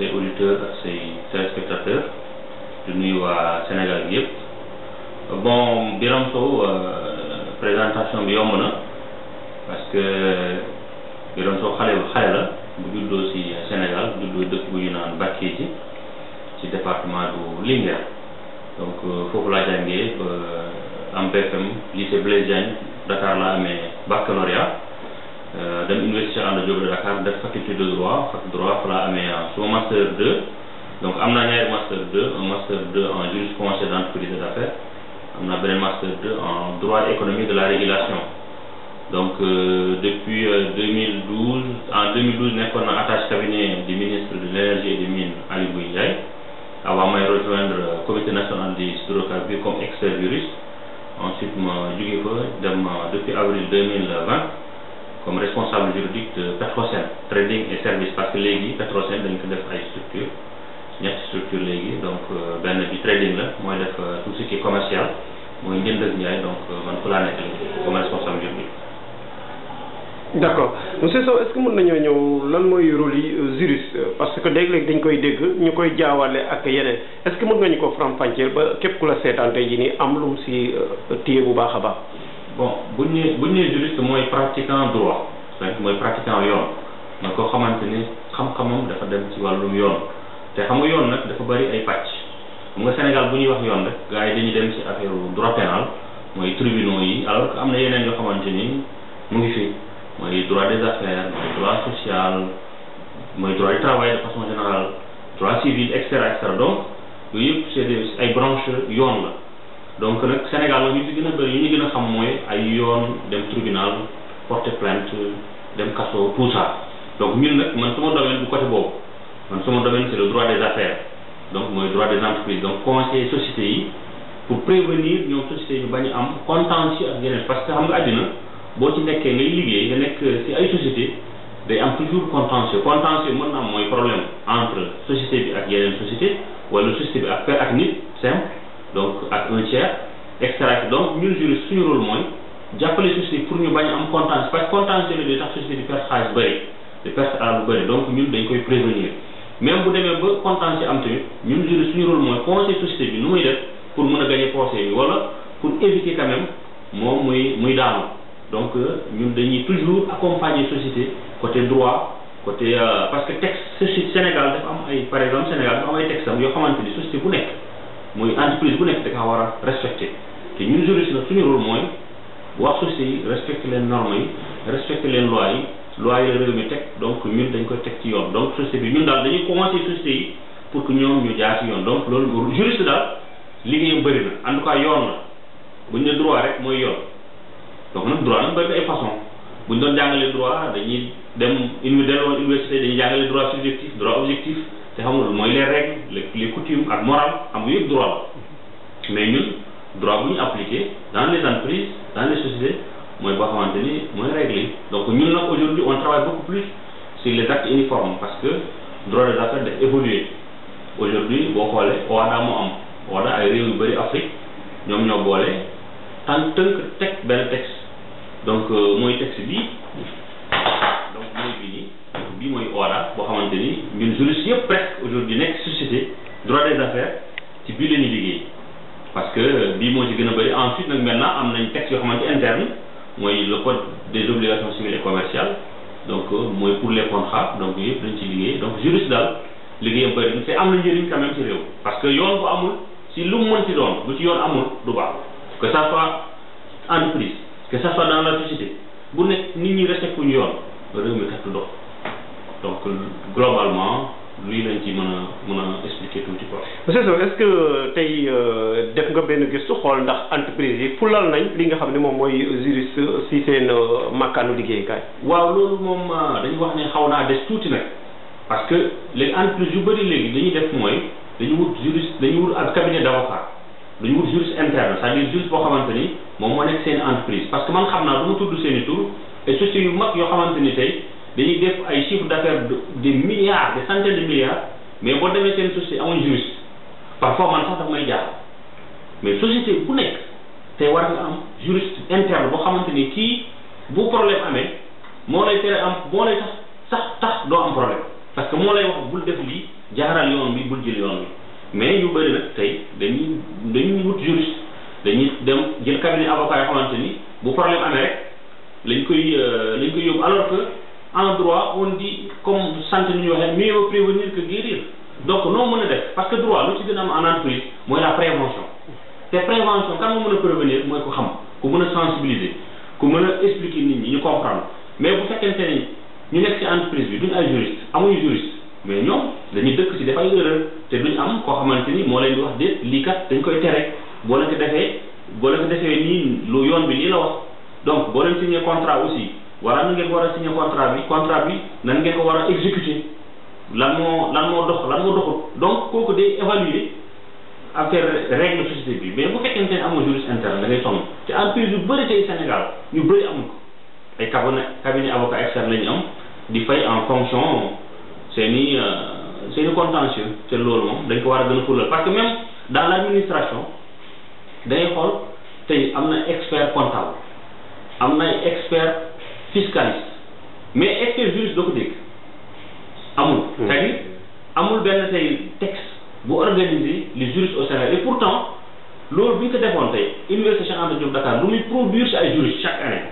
say auditeurs ak say téléspectateurs du Sénégal bi yëpp bon Birame Sow euh, présentation bi yomb parce que Birame Sow xale bu xale la bu juddoo Sénégal du juddoo dëkk bu ñu ci département du Linguère donc euh, foofu laa jàngee en euh, BFM lycée Blaise Diagne Dakar laa amee baccalauréat euh, dem université en Diop de la la faculté de droit de droit pour la suis un master 2 donc j'ai un master 2 un master 2 en jurisprudence d'entreprise et d'affaires am master 2 en droit économique de la régulation donc euh, depuis 2012 euh, en 2012 nekkoon attaché au cabinet du ministre de l'énergie et des mines Ali Ngouille avant de rejoindre le comité national des hydrocarbures comme expert juriste ensuite ma jóge depuis avril 2020 comme responsable juridique de Petrosen trading et service parce que léegi Petrosen dañ ko def ay structure ñetti structure léegi donc euh, benn bi trading la mooy def euh, tout ce qui est commercial mooy njënd njaay donc euh, man ku laa nekk comme responsable juridique d' accord monsieur Sow est ce que mën nañoo ñëw lan mooy rôle yi juriste parce que léeg-léeg dañ koy dégg ñu koy jaawale ak yeneen est ce que mën nga ko faram-fàcceel ba képp ku la seetaan tey jii nii am lu mu si bu baax a baax. bon bu ñu nee bu ñu nee juriste mooy pratiquant droit c'est mooy pratiquant yoon nga ko xamante ni xam-xamam dafa dem ci wàllum yoon te xam nga yoon nag dafa bari ay pàcc xam nga Sénégal bu ñuy wax yoon rek gars yi dañuy dem ci affaire droit pénal mooy tribunaux yi alors que am na yeneen yoo xamante ni mu ngi fi mooy droit des affaires mooy droit social mooy droit du travail de façon générale droit civil et cetera et yooyu yëpp c'est des ay branches yoon la. donc nag Sénégal ñu ci gën a bëri yi ñu gën a xam mooy ay yoon dem tribunal porter plainte dem kaso tout ça donc ñun nag man sama domaine bu côté boobu man sama domaine c'est le droit des affaires donc mooy droit des entreprises donc conseiller sociétés yi pour prévenir ñoom sociétés ñu bañ am contentieux ak yeneen parce que xam nga àddina boo ci nekkee ngay liggéey nga nekk ci ay société day am toujours contentieux contentieux mën na am mooy problème entre société bi ak yeneen société wala donc ak un tiers donc ñun juriste suñu rôle mooy jàppale société pour ñu bañ am contentieux parce que contentieux day tax société di perte xaalis bëri di perte alal bu bëri donc ñun dañ koy prévenir même bu demee ba contentieux am tamit ñun juriste suñu rôle mooy conseil société bi nu muy def pour mën a gagner procès bi wala pour éviter quand même moom muy muy daanu donc ñun dañuy toujours accompagner société côté droit côté euh, parce que texte société Sénégal am ay par exemple Sénégal dafa mooy entreprise bu nekk da war a respecté te ñun juriste nag suñu rôle mooy wax société yi respecté leen normes yi respecté leen loi yi loi yi la mi teg donc ñun dañ koy teg ci yoon donc société bi ñun daal dañuy commencé société yi pour que ñoom ñu jaar ci yoon donc loolu juriste daal liggéeyam bëri na en tout cas yoon bu buñ ne droit rek mooy yoon donc nag droit nag bëri na ay façon buñ doon jàngalee droit dañuy dem uni delloon université dañuy jàngale droit C'est comme nga les règles les coutumes ak moral xam nga droit mais nous, droit droits ñu appliqué dans les entreprises dans les sociétés mooy boo xamante ni mooy donc nous, aujourd'hui on travaille beaucoup plus sur les actes uniformes parce que droit des affaires a évoluer aujourd'hui boo xoolee OHADA moo am OHADA ay réew yu bëri Afrique ñoom ñoo boole tant que teg benn texte donc euh, mooy texte dit bien mooy ORA boo xamante ni ñun presque aujourd'hui nekk société droit des affaires ci bii la ñuy parce que euh, bii moo ci gën ensuite donc maintenant am nañ texte yoo xamante interne moi le code des obligations civiles et commerciales donc euh, moi pour les contrats donc yëpp dañ ci liggéey donc juriste daal liggéeyam bëri na te am na njëriñ quand même ci réew parce que yoon bu amul si lu monte mën ci doon bu ci yoon amul du baax que ça soit entreprise que ça soit dans la société bu nekk nit ñi respecté ñu yoon réew mi kat du dox donc euh, globalement lii lañ ci mën a mën a expliquer tuuti quoi. monsieur Sow tey euh, def nga benn gëstu xool ndax entreprise yi fulal nañ li nga xam ne moom mooy juriste si seen euh, makkaanu liggéeykaay. waaw moom dañu wax ne xaw naa tuuti nag parce que les entreprises yu bëri léegi dañuy def mooy dañu wut ak cabinet d'avocat dañu wut juriste interne cest à ni moom moo nekk seen entreprise parce que xam naa du tudd seen yu mag yoo xamante ni tey. dañuy def ay chiffre d'affaires de milliards de centaines de milliards mais boo demee seen société amuñ juriste parfois man sax daf may jaar mais société ku nekk tey war nga am juriste interne boo xamante ni kii bu problème amee moo lay tere am moo lay sax sax tax doo am problème parce que moo lay wax bul def lii jaaral yoon bi bul jël yoon bi mais yu bëri nag tey dañuy dañuy wut juriste dañuy dem jël cabinet avocat yoo xamante ni bu problème amee rek lañ koy euh, lañ koy yóbbu alors que en droit on di comme santé ni ñu waxee mieux vaut prévenir que guérir donc noo mën a def parce que droit lu ci gën am en entreprise mooy la prévention te prévention kan moo mën a prévenir mooy ko xam ku mën a sensibiliser ku mën a expliquer nii ñu comprendre mais bu fekkente ni ñu nekk ci entreprise bi duñ ay juriste amuñu juriste mais ñoom dañuy dëkk ci dafay erreur te duñ am koo xamante ni moo leen di wax déet lii kat dañ koy tere boo leen ko defee boo leen defee nii lu yoon bi lii la wax boo leen signé contrat wala nu ngeen war signé contrat bi contrat bi nan ngeen ko war exécuter lan moo lan dox lan donc kooku day évaluer affaire règle société bi mais bu juriste interne te entreprise yu bëri tey Sénégal ñu bëri amul ay cabinet cabinet avocat externe en fonction seen i euh, te loolu dañ ko war a parce que dans l'administration administration xool expert comptable expert fiscaliste mais est-ce que juge doo ko Amoul. c'est-à-dire amul benn tey texte vous organiser les juristes au Sénégal et pourtant lors bi cette ko defoon université Cheikh Anta Diop Dakar lu muy produire si juristes chaque année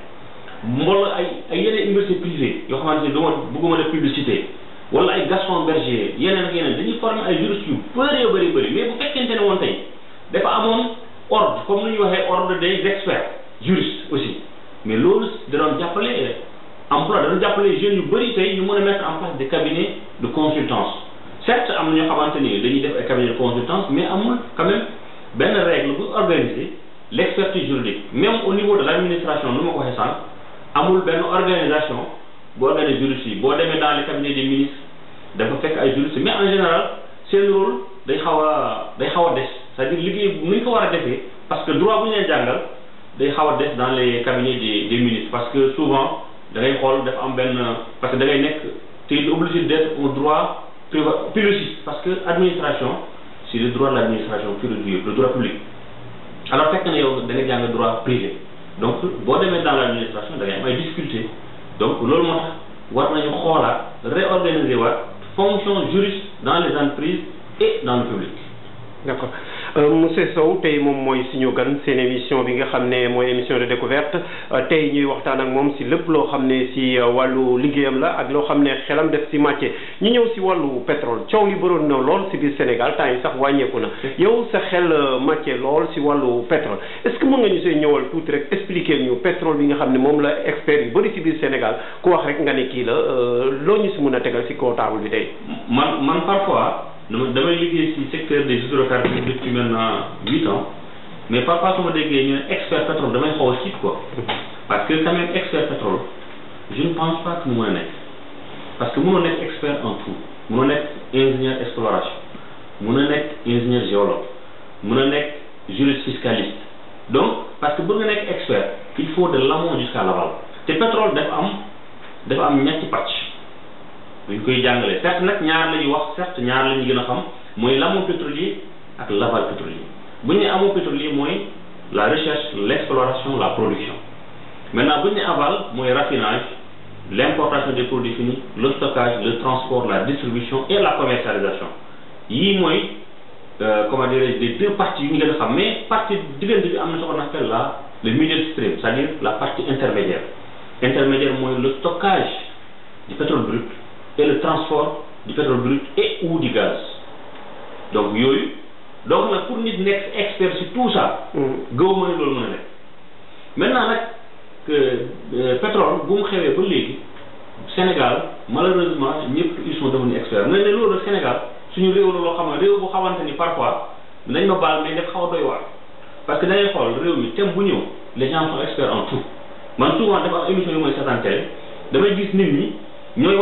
mbooloo ay ay yeneen université privée yoo xamante ni duma bëgguma def publicité wala ay Gaston Berger a. ak yeneen dañuy former ay juristes yu bëree bëri bëri mais bu fekkente ne woon tey dafa amoon ordre comme nous ñuy waxee ordre des experts juristes aussi mais loolu da doon jàppale emploi da jàppale jeunes yu bëri tey ñu mën mettre en place des cabinets de consultance certes am na ñoo xamante ni dañuy def ay cabinets de consultance mais amul quand même benn règle bu organiser l' expertise juridique même au niveau de l'administration. administration nu ma ko waxee sànq amul benn organisation bu organise juristes yi boo demee dans les cabinets des ministres dafa fekk ay juristes mais en général c'est le rôle day xaw a day xaw a des c'est-à-dire liggéey bu ko war a parce que droit bu ñu leen il xaw dans les cabinets des des ministres parce que souvent da ngay parce que da obligé d'être au droit public parce que administration c'est le droit de l'administration qui le droit public alors fekk na il y droit privé donc de mettre dans l'administration da ngay discuter donc vous moo réorganiser votre fonction juriste dans les entreprises et dans le public d'accord Euh, monsieur Sow tey moom mooy suñu gan seen émission bi nga xam ne mooy émission de découverte euh, tey ñuy waxtaan ak moom si lépp loo xam ne si euh, wàllu liggéeyam la ak loo xam ne xelam def si màcce ñu ñëw si wàllu pétrole coow li bëroon na lool si biir Sénégal temps yi sax wàññeeku na yow sa xel màcce lool si wàllu pétrole est ce nga ñu see ñëwal tuuti rek expliquer ñu pétrole bi nga xam ne moom la expert yu bëri si biir Sénégal ku wax rek nga ne kii la loo ñu si mën a tegal si kaw table bi tey man damay dans ci secteur des hydrocarbures depuis maintenant 8 ans mais pas parce que je suis un expert pétrole demain xaw a aussi quoi parce que quand même expert pétrole je ne pense pas que je suis a expert. parce que suis un expert en tout suis un ingénieur exploration je suis un ingénieur géologue je suis un juriste fiscaliste donc parce que pour nga un expert il faut de l'amont jusqu'à l'aval Le pétrole dafa am dafa am ñetti buñ koy jàngale certes nag ñaar la ñuy wax certes ñaar la ñu gën a xam mooy l'amont pétrolier ak l'aval pétrolier bu ñu nee pétrolier mooy la recherche l'exploration la production maintenant bu ñu nee aval mooy raffinage l'importation des produits finis le stockage le transport la distribution et la commercialisation yii mooy euh, comment dirais les deux parties yu ñu gën a xam mais partie diggante bi am na ce qu'on appelle la le milieu stream c'est-à-dire la partie intermédiaire intermédiaire mooy le stockage du pétrole brut et le transport du pétrole brut et ou du gaz donc yooyu donc nag pour nit nekk expert si tout ça. Mm. gaw ma ne loolu mën a nekk. maintenant nag euh, pétrole bu mu xewee ba léegi Sénégal malheureusement ñëpp ils sont devenus experts mais ne Sénégal suñu réew la loo xam ne réew bu xamante ni parfois nañ ma bal, mais def xaw a doy waar. parce que da ngay xool réew mi thème bu ñëw les gens sont experts en tout man souvent dafa am émission yu may seetaan télé damay gis nit ñi ñooy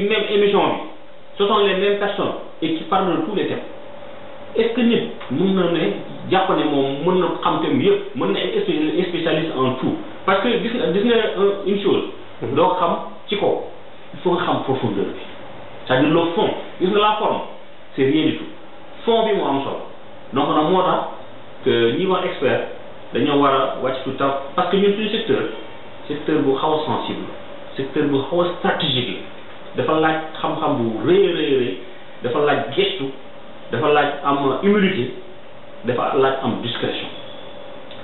même émission ce sont les mêmes personnes et qui parlent tous les temps. est-ce que nous, mën ne spécialiste en tout parce que gis euh, une chose. Mhm. xam ci il faut c'est-à-dire le fond la forme c'est rien du tout fond bi donc nag moo que ñi expert dañoo war tout temps parce que nous suñu secteur secteur bu sensible secteur stratégique dafa laaj xam-xam bu rëy rëy rëy dafa laaj gestu dafa laaj am humilité dafa laaj am discrétion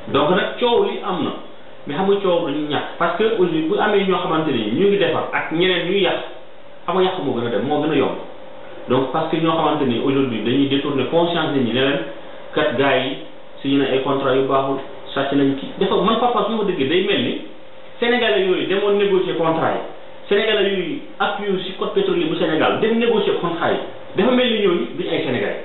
donc nag coow li am na mais xam nga coow dañu ñàkk parce aussi bu amee ñoo xamante ni ñu ngi defar ak ñeneen ñuy yàq xam nga yàq moo gën a dem moo gën a yomb donc parce que ñoo xamante ni aujourd'hui dañuy détourner conscience nit ñi ne leen kat gars yi signé ay contrat yu baaxul sàcc nañ kii dafa man papa su dëggee day mel ni sénégalais yooyu demoon négocier contrat Sénégalais yuy appuyé si code pétrolier bu Sénégal dem négocier contrat yi dafa mel ni ñooñu duñ ay sénégalais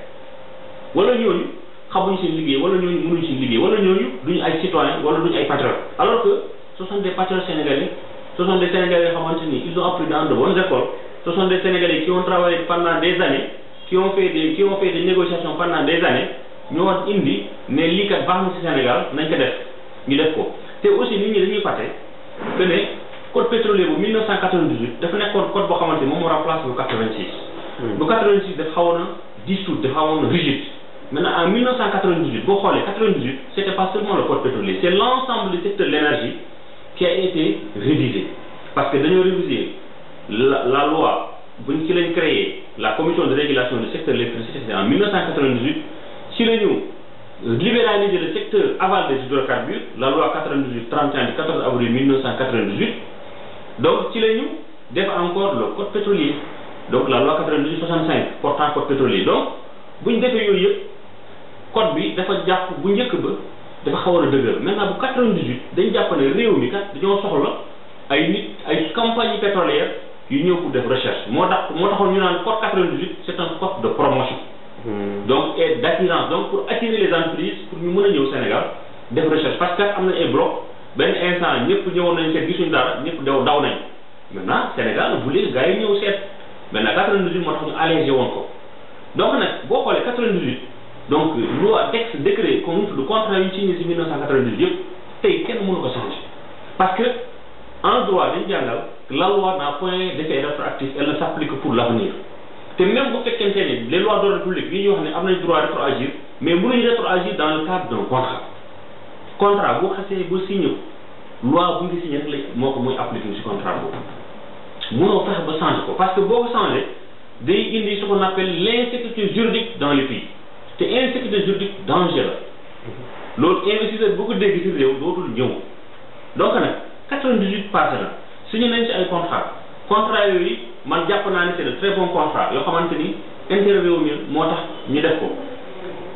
wala ñooñu xamuñ seen liggéey wala ñooñu mënuñ seen liggéey wala ñooñu duñ ay citoyen wala duñ ay patriotes alors que ce sont des patriotes sénégalais ce sont des sénégalais yoo xamante ni ils ont appris dans de bonnes écoles ce sont des sénégalais qui ont travaillé pendant des années qui ont fait des qui ont fait des négociations pendant des années ñoo indi ne lii kat baax na si Sénégal nañ ko def ñu def ko te aussi nit ñi dañuy code pétrolier en 1998 le code boo xamante ni c'est le remplacé le 86. Le 86 a rigide maintenant en 1998 pourquoi n'était 98 pas seulement le code pétrolier c'est l'ensemble du secteur de l'énergie qui a été révisé parce que dañoo réviser la la loi buñ ci a créé la commission de régulation du secteur de l'électricité en 1998 si nous libéralisons libéraliser le secteur aval des hydrocarbures la loi 98 31 du 14 avril 1998 donc ci nous ñu def encore le code pétrolier donc la loi 98 65 portant code pétrolier donc bu ñu defee yooyu code bi dafa japp bu ñëkk ba dafa xawoon deugël maintenant bu 98 dañ japp né réew mi kat dañoo soxla ay nit ay compagnie pétrolière yu ñëw pour def recherche Moi, tax mo taxoon ñu naan code 98 c'est un code de promotion. Hmm. donc et d'attirance donc pour attirer les entreprises pour ñu mëna au ñëw Sénégal def recherche parce que am na un bloc benn instant ñëpp ñëwoon nañ seet gisuñ dara ñëpp daw daw nañ maintenant Sénégal bu léegi yi ñëw seet maintenant 98 moo tax ñu allégé woon ko donc nag boo xoolee 98 donc loi texte décret comme de contrat yu signé si 1998 yëpp tey kenn mënu ko changé parce que en droit dañ jàngal la loi n'a point d'effet rétroactif elle s'applique pour l'avenir te même bu fekkente ni les lois d'ordre public yi ñuy wax ne am nañ droit mais mënuñ rétroagir dans le contrat bu xasee bu signé loi bu ñu signé rek la moo ko mooy appliqué contrat bu mënoo tax ba changé ko parce que boo ko day indi ce qu'on appelle l'insécurité juridique dans le pays te insécurité juridique danger lool loolu investisseur boo ko dégg si réew dootul ñëw donc nak 98 passé na signé nañ ci ay contrat contrat yooyu man japp naa ne c'est de très bon contrat yoo xamante ni intérêt réew mi moo tax ñu def ko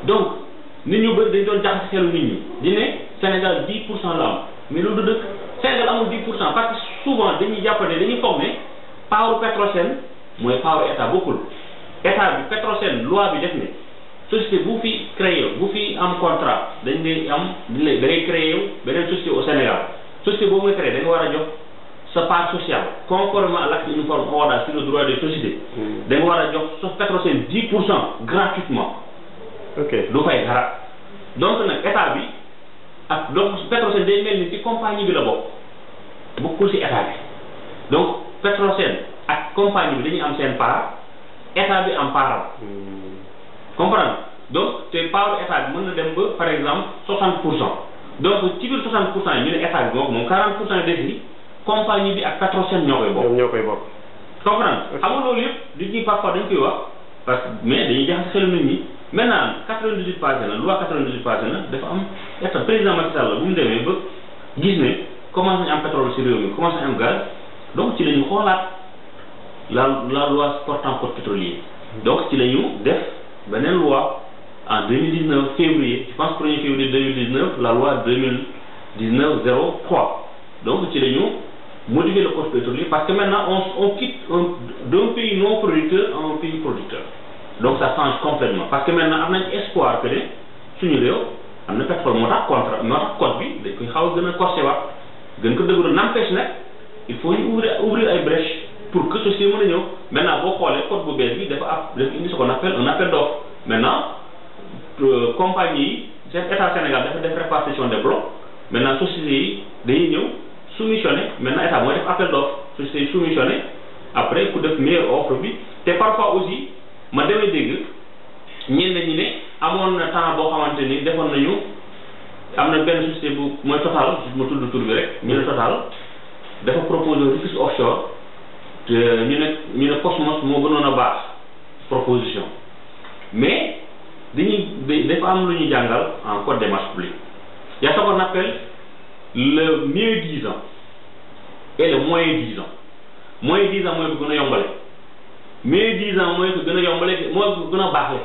donc nit ñu bëri dañ doon jaxase xelu nit ñi di ne Sénégal 10 pour cent la am mais loolu du dëkk Sénégal amul 10 pour cent parce souvent dañuy jàpp ne dañuy foog paaru Petrosen mooy paaru état bokkul état bi Petrosen loi bi def ne société bu fi créé bu fi am contrat dañ lay am dañ lay créé beneen société au Sénégal société boobu nga créé da nga war a jox sa part sociale conformément à l'acte uniforme OHADA sur le droit des sociétés. Hmm. da nga war a jox sa Petrosen 10 pour cent gratuitement. ok du fay ak donc Petrosen day mel ni ci compagnie bi la bokk bokkul ci état bi donc Petrosen ak compagnie bi dañuy am seen part état bi am part am. comprendre donc te part état bi mën na dem ba par exemple 60 pour cent donc ci biir 60 pour cent yi ñu ne état bi bokk moom 40 pour cent des yi compagnie bi ak Petrosen ñoo koy bokk. ñoo koy bokk. comprendre xam loolu yëpp nit ñi parfois dañ koy wax parce que mais dañuy jaxase xelu nit ñi. maintenant 98 pages, la loi 98 pages, le président Macky Sall bu il demee ba gis pétrole ci réew mi am gaz donc ci la loi xoolaat la la loi portant code pétrolier donc ci la def loi en 2019 février je pense 1er février 2019 la loi 2019 03 donc ci la ñu modifier le code pétrolier parce que maintenant on quitte d'un pays non producteur à un pays producteur donc ça change complètement parce que maintenant am nañ espoir que les suñu réew am na pétrole moo contre contrat code bi dañ koy xaw a gën a corsé waat gën ko deugul n'empêche nag il faut ouvrir ouvrir ay brèches pour que société mën a ñëw maintenant bo xolé code bu bees bi dafa ab dafa indi ce qu'on appelle un appel d'offre maintenant euh, compagnie c'est état Sénégal dafa def répartition des blocs maintenant sociétés yi dañuy ñëw soumissionné maintenant état mooy def appel d'offre sociétés yi soumissionné après ku def meilleure offre bi te parfois aussi man damay dégg ñenn ñi ne amoon na temps boo xamante ni defoon nañu am na benn société bu mooy Total ma tudd tur bi rek ñu ne Total dafa proposé risque offshore te ñu ne ñu ne Cosmos moo gënoon a baax proposition mais dañuy dafa am lu ñu jàngal en code des marchés publics y a ce qu'on appelle le mieux disant et le moins disant mooy bu gën a mais dix ans mooy ko gën a yombale mooy gën a baaxee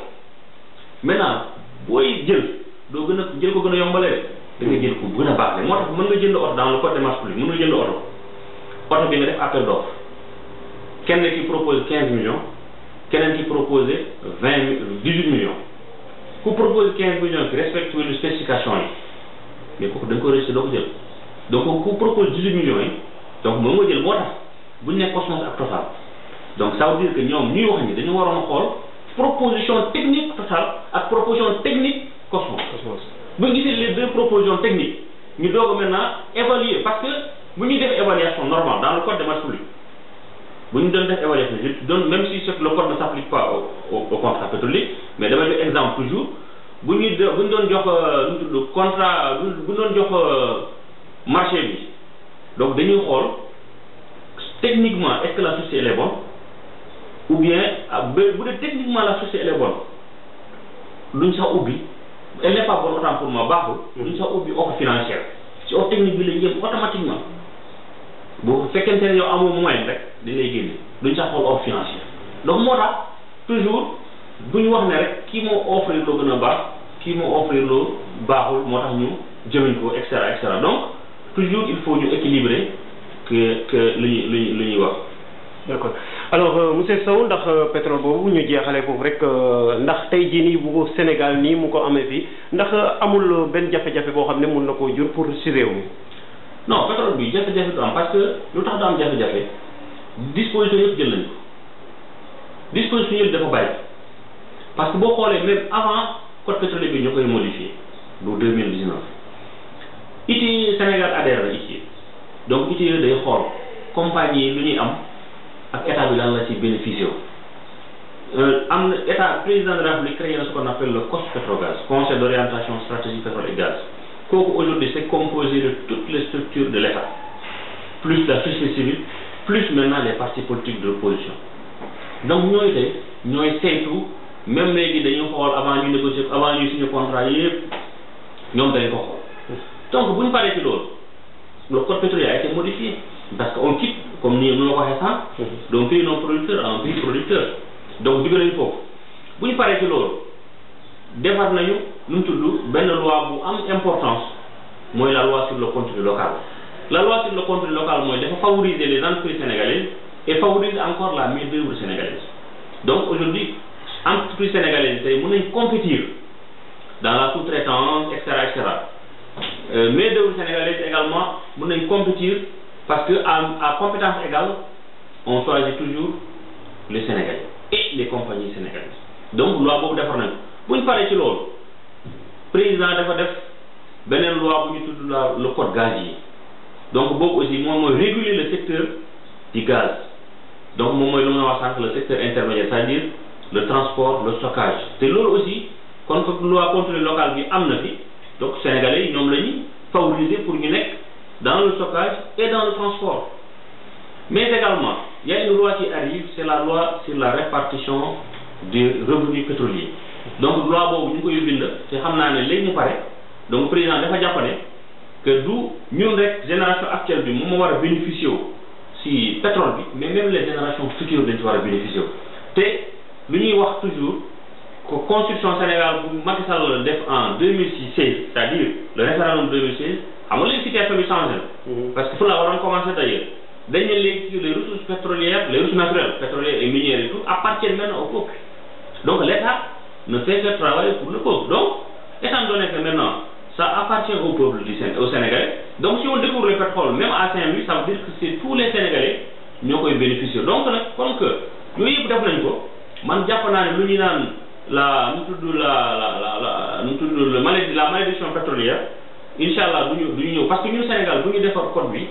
maintenant booy jël doo gën a jël ko gën a yombalee da jël ko gën a baaxee moo tax mën nga jënd oto dans le code des marchés mën nga jënd oto kenn ki propose quinze keneen ki propose vingt dix huit millions ku da ko rejeté doo ko jël donc ku propose dix huit millions yi donc moom moo tax buñ nekk Cosmos ak Total donc ça veut dire que nous avons, une proposition technique et une proposition technique Cosmos. Cosmos Nous les deux propositions techniques Nous devons maintenant évaluer parce que nous avons une évaluation normale dans le code de marché. Nous Nous une évaluation même si le code ne s'applique pas au contrat pétrolier mais d'abord, exemple toujours Nous avons un contrat vous ñu jox euh, marché bi donc nous rôle techniquement est-ce que la société est bonne. ou bien ah, bu dee techniquement la société elle est bonne duñ sax ubbi elle n'est pas pour moi baaxul. Mm-hmm. duñ sax ubbi offre financière ci offre technique bi la ñu yem automatiquement bu fekkente ne yow amoo moyen rek dañ lay génne duñ sax xool offre financière donc moo tax toujours duñ wax ne rek kii moo offrir loo gën a baax kii moo offrir loo baaxul moo tax ñu jëmiñ ko et cetera donc toujours il faut ñu équilibrer que que li ñuy li ñuy ñuy wax. D'accord. Alors, alors euh, monsieur Sow ndax euh, pétrole bobu ñu jéxalé foofu rek euh, ndax tey jii ni bu Sénégal ni mu ko amé fi ndax amul ben jafé jafé bo xamné mën nako jur pour ci réew mi. non pétrole bi jafé-jafé, am parce que lu tax do am jafé. disposition yépp jël nañ ko disposition yëpp dafa bàyyi parce que bo xolé même avant code pétrolier bi ñu modifier modifié 2019 Ici, Sénégal adhère la ici. donc ITIE day xool compagnie lu ñuy am. Et état bi lan la L'État, bénéficié euh, président de la République créé ce qu'on appelle le COS Petrogaz conseil d'orientation stratégique pétrole et gaz qui aujourd'hui c'est composé de toutes les structures de l'État plus la société civile plus maintenant les partis politiques de l'opposition donc nous nous avons été tout, même les dañu xool avant ñu négocier avant de signer le contrat nous avons été encore. donc vous ne parlez plus d'autre. le code pétrolier a été modifié parce qu'on quitte comme mhm. nous ah, nu la donc pays non producteur en pays producteur. donc jóge nañu vous y ñu de ci loolu defar nous nous loi bu am importance moy la loi sur le contrôle local. la loi sur le contrôle local moi dafa favoriser les entreprises sénégalaises et favorise encore la main d'œuvre sénégalaise donc aujourd'hui entreprises sénégalaises tey mën compétir dans la sous-traitance etc, etc et cetera euh, également mën compétir. Parce que à, compétence égale, on choisit toujours les Sénégalais et les compagnies sénégalaises. Donc loi beaucoup beaucoup nañ Pour parlez que ci le président de def beneen loi bu ñu la le code gazier. donc beaucoup aussi Moi, réguler le secteur du gaz donc moi mooy lu le secteur intermédiaire c'est-à-dire le transport le stockage C'est loolu aussi kon loi le local qui am donc sénégalais yi ñoom le stockage et dans le transport. Mais également, il y a une loi qui arrive, c'est la loi sur la répartition des revenus pétroliers. Donc, la loi nous ñu koy bind te xam naa donc président de la ne que nous ñun rek génération actuelle du moom moo war si pétrole mais même les générations futures du moment bénéficiaux. Et, bénéficier avons toujours que constitution construction bu Macky Sall def en 2016 c'est-à-dire le référendum 2016 xam situation bi changé parce que fu la waroon commencé d'ailleurs dañ les ressources pétrolières les ressources naturelles pétrolières et minières et tout appartiennent maintenant au peuple donc l'État ne fait que travailler pour le peuple donc étant donné que maintenant ça appartient au peuple du Sénégal au Sénégal. donc si on découvre le pétrole même à Saint-Louis ça veut dire que c'est tous les Sénégalais ont koy bénéficier donc nag comme que nous yëpp def nañ ko man jàpp la nu tudd la la la la nu la malédiction pétrolière. incha allah du ñu du ñu ñëw parce que ñun Sénégal bu ñu defar code bi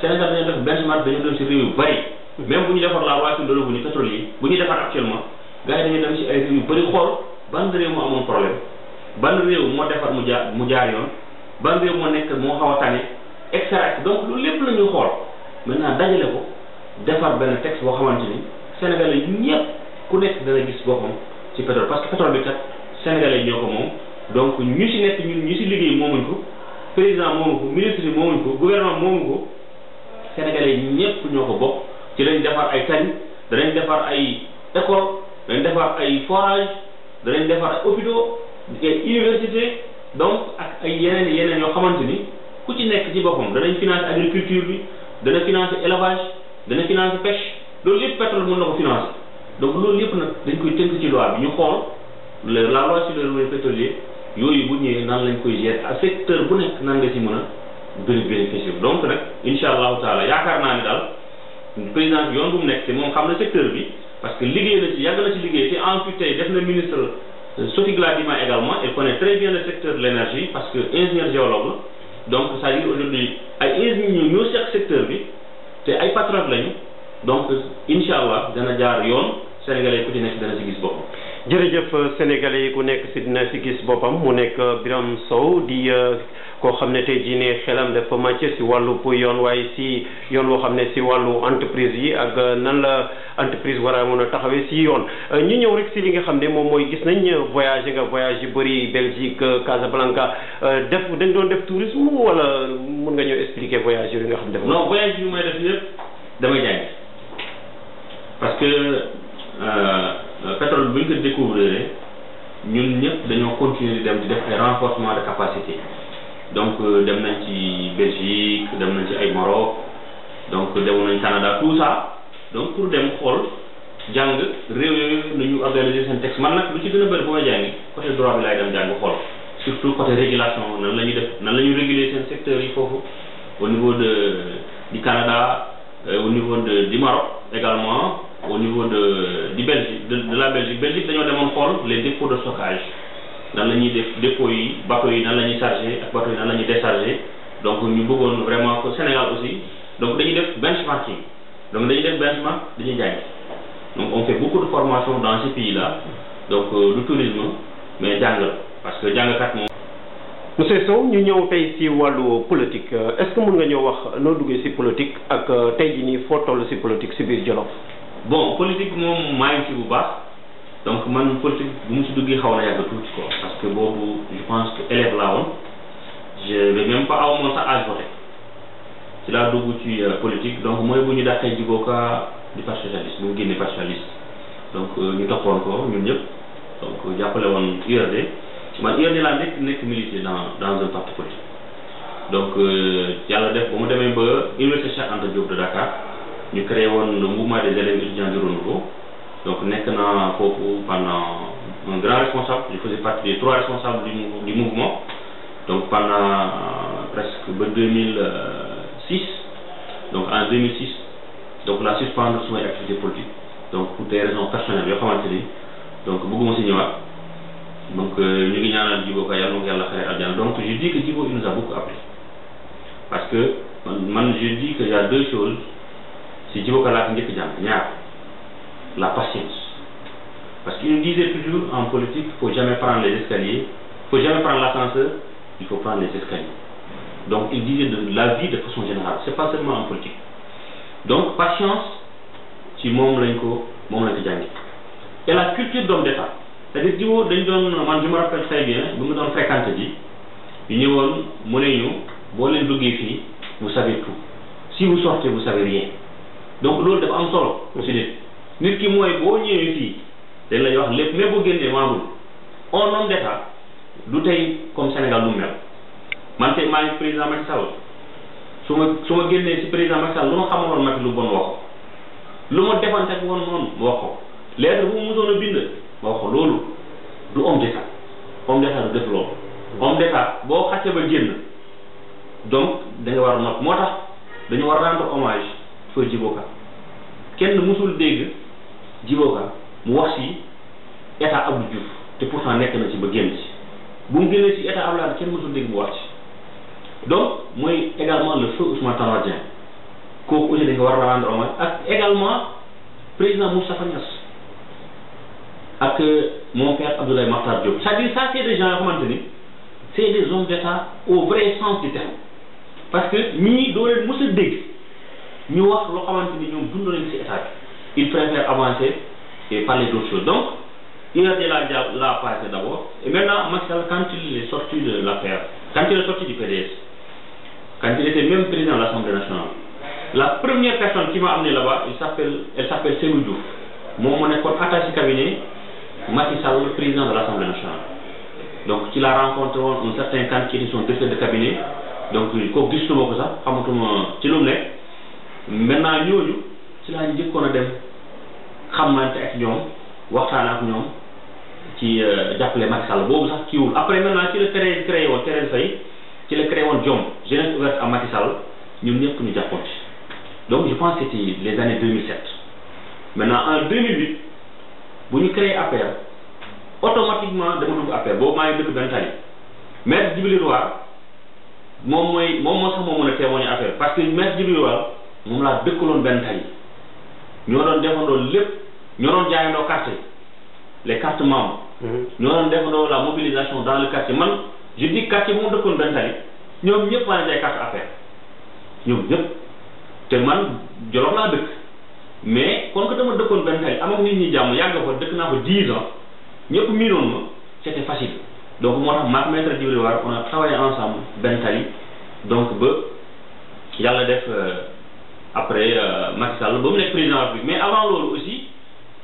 Sénégal dañu def benchmark dañu dem si réew yu bëri même bu ñu defar la roisine de bu ñu pétrole yi bu ñu defar actuellement gars yi dañuy dem ay réew yu bëri xool ban réew moo amoon problème ban réew moo defar mu jaar mu jaar yoon ban réew moo nekk moo xaw a tane et cetera donc loolu lépp la ñuy xool maintenant dajale ko defar benn texte boo xamante ni Sénégalais yi ñëpp ku nekk dana gis boppam ci président moomu ko ministre yi moomuñ ko gouvernement moomu ko sénégalais ñépp ñoo ko bokk ci lañ defar ay tañ danañ defar ay école danañ defar ay forage danañ defar ay hôpitaux ay donc ak ay yeneen yeneen yoo xamante ni ku ci nekk ci boppam danañ financer agriculture bi dana financer élevage dana financer pêche loolu lépp pétrole mën na ko financer donc loolu lépp nag dañ koy tënk ci loi bi ñu xool la loi sur les revenus yooyu bu ñëwee nan lañ koy gérer ak secteur bu nekk nan nga ci mën a bëri bénéficier donc nag incha allahu taala yaakaar naa ne daal président bi yoon bu mu nekk ci moom xam na secteur bi parce que liggéey la ci yàgg na ci liggéey te en plus tey def na ministre euh, Sophie Gladima également elle connaît très secteur de l' énergie parce que ingénieur géologue la donc c'est-à-dire aujourd'hui ay ingénieurs ñoo seq secteur bi te ay patron lañu donc incha allah dana jaar yoon sénégalais ku ci nekk jërëjëf euh, sénégalais yi ku nekk si dina si gis boppam mu nekk euh, Birame Sow di euh, koo xam ne tey jii ne xelam dafa màcc si wàllu yoon waaye si yoon woo xam ne si wàllu entreprise yi ak nan la entreprise war a mën a taxawee si yoon ñu ñëw rek si li nga xam ne moom mooy gis nañ voyage nga voyage yu bëri Belgique Casablanca def dañ doon def tourisme wala mun nga ñëw expliquer voyage yi nga xam ne def non voyage yi may def yëpp damay jàng parce que Euh, pétrole bi bu ñu ko découvrir ñun ñëpp dañoo continuer di dem di def ay renforcement de capacité donc euh, dem nañ ci Belgique dem nañ ci ay Maroc donc dem nañ Canada tout ça donc pour dem xool jàng réew yooyu nu ñu organiser seen texte man nag lu ci gën a bëri bu may jàngi droit bi laay dem jàng xool surtout côté régulation nan la def nan la ñuy réguler secteur yi foofu au niveau de du Canada euh, au niveau de du Maroc également au niveau de la Belgique de la Belgique Belgique dañoo demoon les dépôts de stockage Dans les def dépôts yi bateaux yi nan la déchargés. bateaux yi nan la donc ñu bëggoon vraiment au Sénégal aussi donc dañuy def benchmarking donc dañuy def benchmark dañuy jàng donc on fait beaucoup de formation dans ces pays là donc euh, du tourisme mais jàng parce que jàngkat mois. Monsieur Sow ñu ñëw tey ci wàllu politique est-ce que vous nga ñëw wax noo duggee ci politique ak euh, tey jii nii foo politique ci biir Jolof. bon politique moom maa ngi ci bu baax donc man politique bu mu si duggee xaw na yàgg tuuti boobu je pense que élève laa woon je vais même pas aw moom sax âge voté ci laa dugg ci euh, politique donc mooy bu ñu dàqee jiboo ka di parti socialiste bu mu génnee parti socialiste donc euh, ñu toppoon ko ñun ñëpp donc euh, jàppale woon URD man URD laa nekk nekk milité dans dans un parti politique donc yàlla def ba mu demee ba université Cheikh Anta de Dakar nous créons le mouvement des élèves étudiants de renouveau donc nekk naa pendant un grand responsable je faisais partie des trois responsables du, mouvement donc pendant euh, presque 2006 donc en 2006 donc la suspendre son activité politique donc pour des raisons personnelles je vais donc beaucoup de donc euh, ñu ñaanal donc je dis que nous a beaucoup appris parce que man je dis qu'il y a deux choses si Djibo Kala il y a la patience parce qu'il nous disait toujours en politique il ne faut jamais prendre les escaliers il ne faut jamais prendre l'ascenseur il faut prendre les escaliers donc il disait de la vie de façon générale ce n'est pas seulement en politique donc patience c'est mon lañ et la culture d'homme d'état c'est-à-dire que je me rappelle très bien vous me donnez fréquente, je me dis, vous savez tout si vous sortez vous savez rien donc loolu dafa am solo si nit nit ki mooy boo ñëwee fii dañ lay wax lépp mais boo génnee membre un homme d'état du tey comme Sénégal lu mel man tey maa ngi président Macky Sall su ma su ma génnee si président Macky Sall lu ma xamaloon Macky lu bon ma defante ak woon noonu wax ko lettre bu mu musoon a bind ma wax ko loolu du homme d'état du def loolu homme boo xàccee ba génn donc da nga war a nopp moo tax dañu war a rendre hommage fa jiboka kenn musul dégg jiboka mu wax si état Abdou Diouf te pourtant nekk na ci ba génn ci bu mu génnee ci état Abdoulaye kenn musul dégg mu wax ci donc mooy également le feu Ousmane Tanor Dieng kooku aussi dañ ko war a rendre ak également président Moustapha ak euh, mon père Abdoulaye Makhtar Diop c'est-à-dire ça c'est des gens yoo xamante ni c'est des hommes d'état au vrai sens du terme parce que ñii doo leen dégg Il wax avancer et parler d'autres choses donc il été l'a déjà l'a passé d'abord et maintenant quand il est sorti de l'affaire quand il est sorti du PDS quand il était même président de l'Assemblée nationale la première personne qui m'a amené là-bas il s'appelle elle s'appelle Seydou Diouf moom moo nekkoon attaché cabinet Macky Sall président de l'Assemblée nationale donc il a rencontré un certain candidat qui est son chef de cabinet donc il a tout sax xamatuma ci lu maintenant ñooñu ci laa njëkkoon a dem xamante ak ñoom waxtaan ak ñoom ci euh, jàppale Macky boobu sax kiiwul après maintenant ci la créé créé woon Thérèse Faye ci la créé woon Jom jeunesse ouverte à Macky Sall ñun ñu jàppoon ci donc je pense que les années 2007 maintenant en 2008 bu ñu créé APR automatiquement dama dugg APR boobu maa dëkk benn tali maître Djibril War moom mooy moom moo sax moo mën a témoigner affaire parce que moom laa dëkkaloon benn tali ñoo doon defandoo lépp ñoo doon jaayandoo carte les cartes membres. Mhm. ñoo doon defandoo la mobilisation dans le quartier man je dis quartier bu mu dëkkoon benn tali ñoom ñëpp maa ngi jaay carte affaire ñoom ñëpp te man Jolof laa dëkk mais kon que dama dëkkoon benn tali amoon nit ñi jàmm yàgg fa dëkk naa fa 10 ans miinoon ma c'était facile donc moo tax maak maître Djibril War a travaillé ensemble benn tali donc ba yàlla def. Euh, après euh, Macky Sall bon mu président de la mais avant l'autre aussi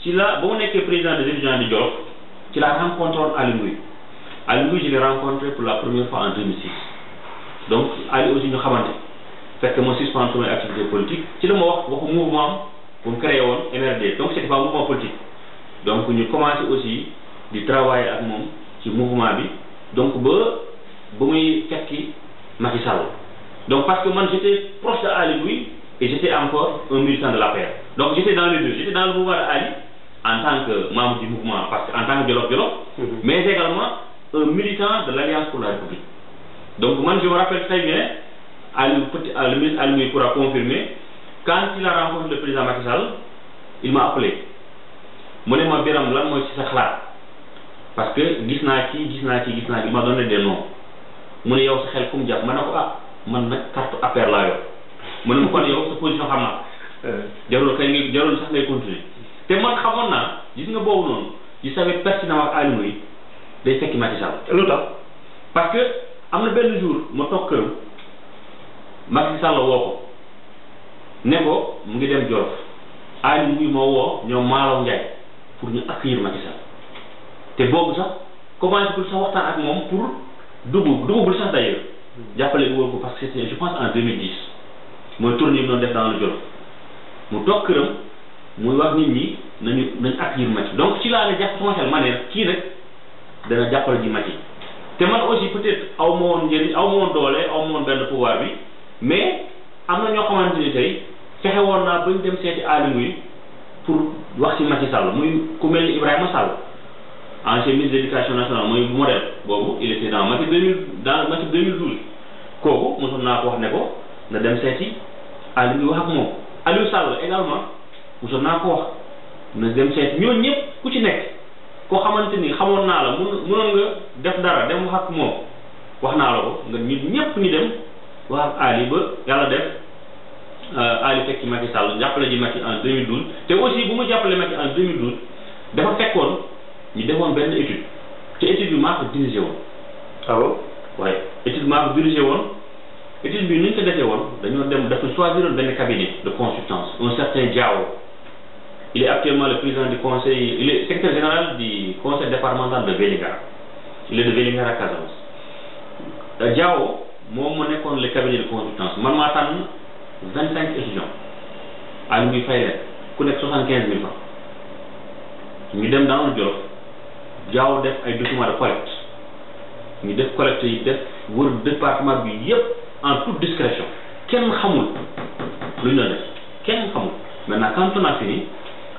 si là bon on président de étudiants de rencontré Ali Ali je l'ai rencontré pour la première fois en 2006 donc Aliou aussi que moi, fekk ma suspendre sama activité politique ci le mot wax le mouvement pour créer une MRD donc c'est n'est pas mouvement politique donc nous commencé aussi à travailler avec sur le mouvement bi donc ba y a qui Macky Sall donc parce que moi j'étais proche de Aliou et j'étais encore un militant de la paix. Donc j'étais dans les deux. J'étais dans le pouvoir Ali en tant que membre du mouvement, en tant que dialogue, mhm. mais également un militant de l'Alliance pour la République. Donc moi je me rappelle très bien, le ministre pourra confirmer, quand il a rencontré le président Macky il m'a appelé. Parce que Gisnaki, Gisnaki, Gisnaki, il m'a donné des noms. je suis là. Mwen mwen konye yon se pozisyon kama. Diyaroun eh. sa mwen yon kontine. Te mwen khamon nan, jit nge bo ou non, jisave persi nan wak ayoun mwen, dey teki Matisal. Pake, amne bel nou joul, mwen tonke, Matisal lo wopo. Nen bo, mwen gen dem diorof. Ayoun mwen yon mwa wop, nyon malon yay, pou nyon akir Matisal. Te bo bousan, koman se bousan wak tan ak mwen, pou doubou, doubou bousan daye. Diyapole wopo, pask se te, jupanse an 2010. mooy tournée bi def dans le mu toog këram muy wax nit ñi nañu nañ accueillir Macky donc ci laa la jàpp sama xel ma kii nag dana jàppale ji Macky te man aussi peut-être aw ma woon njëriñ aw ma woon doole aw woon benn pouvoir bi mais am na ñoo xamante ni tey fexe woon naa ba ñu dem seeti aalimu yi pour wax ci Macky Sall muy ku mel ni Ibrahima Sall ancien ministre de l'éducation nationale mooy modèle boobu il était dans Macky 2000 dans Macky 2012 kooku mosoon wax ne ko. na dem seeti Aliou ñu wax ak moom Aliou Sall également mosoon naa ko wax na dem seeti ñooñu ñëpp ku ci nekk koo xamante ni xamoon naa la mënoon nga def dara dem wax ak moom wax naa la ko nga ñun ñëpp ñu dem wax ak Ali ba yàlla def euh, Ali fekk ci Macky Sall jàppale ji Macky en 2012 te aussi bu mu jàppale Macky en 2012 dafa fekkoon ñu defoon benn étude te étude bi maa ko dirigé woon. waaw ah waaye étude étude bi ni ñu ko defee woon dañoo dem dafa choisir benn cabinet de consultance un certain Diao il est actuellement le président du conseil il est secrétaire général du conseil départemental de Vénégar. il est de à Casamance Diao moi, mo suis le cabinet de consultance man ma tan 25 cinq étudiants Aliou muy fay ku nekk soixante quinze francs ñu dem daanoon le Diao def ay documents de collecte ñu def collecte yi def wër département bi yépp en toute discrétion kenn xamul lu ñu def kenn xamul maintenant quand on a fini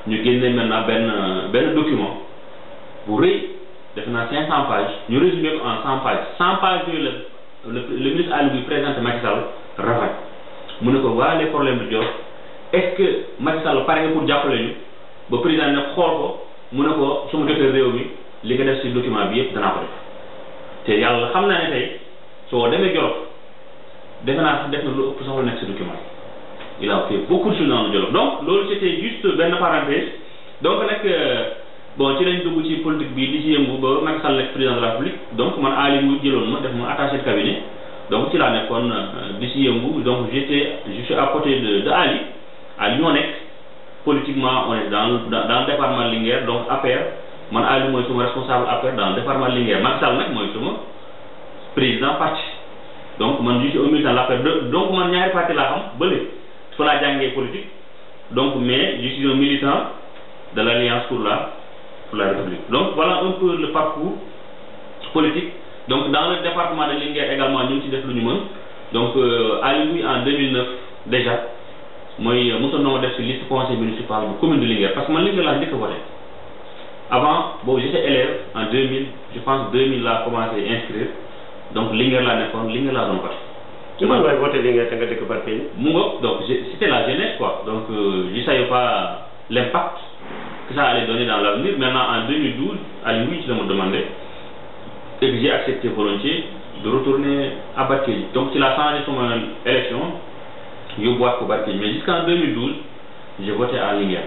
ñu génne maintenant benn benn document bu rëy def naa 500 pages ñu résumé ko en 100 pages 100 pages la le le ministre Aliou Guèye présenté mu ne ko waa les problèmes du Dior est-ce pare nga pour jàppale ñu ba président ne xool ko mu ne ko su jotee réew mi li nga def si document bi yëpp danaa ko def te yàlla xam naa ne tey soo demee Jolof. defe naa def na lu ëpp soxla document il a fait beaucoup de choses dans le Jolof donc loolu c'était juste benn parenthèse donc nag euh, bon ci lañ dugg ci politique bi Ici, ci yëngu ba Macky Sall le président de la République donc man Ali mu jëloon ma def ma attaché de cabinet donc ci laa nekkoon euh, di ci yëngu donc j'étais je suis à côté de de Ali Ali ñoo politiquement on est dans dans le département l'Inger. donc APR man Ali mooy suma responsable APR dans le département Linguère Macky Sall nag mooy suma président parti donc je suis un militant de donc parti politique donc je suis un militant de l'alliance pour la pour la république donc voilà un peu le parcours politique donc dans le département de Linguère également nous sommes ci def donc euh, à en 2009 déjà mon euh, suis na def ci liste conseil municipal commune de Linguère parce que man suis la dëkk avant j'étais élève en 2000 je pense 2000 commençais commencé inscrire donc là n'est pas, l'ingé n'est pas voté. Tu man voté l'ingé, te nga que donc c'était la jeunesse quoi donc euh, je savais pas l'impact que ça allait donner dans l'avenir maintenant en 2012 à Louis, je me demandé et j'ai accepté volontiers de retourner à Bakéli. donc c'est la fin de une élection vois pour Barthélémy mais jusqu'en 2012 j'ai voté à l'ingé.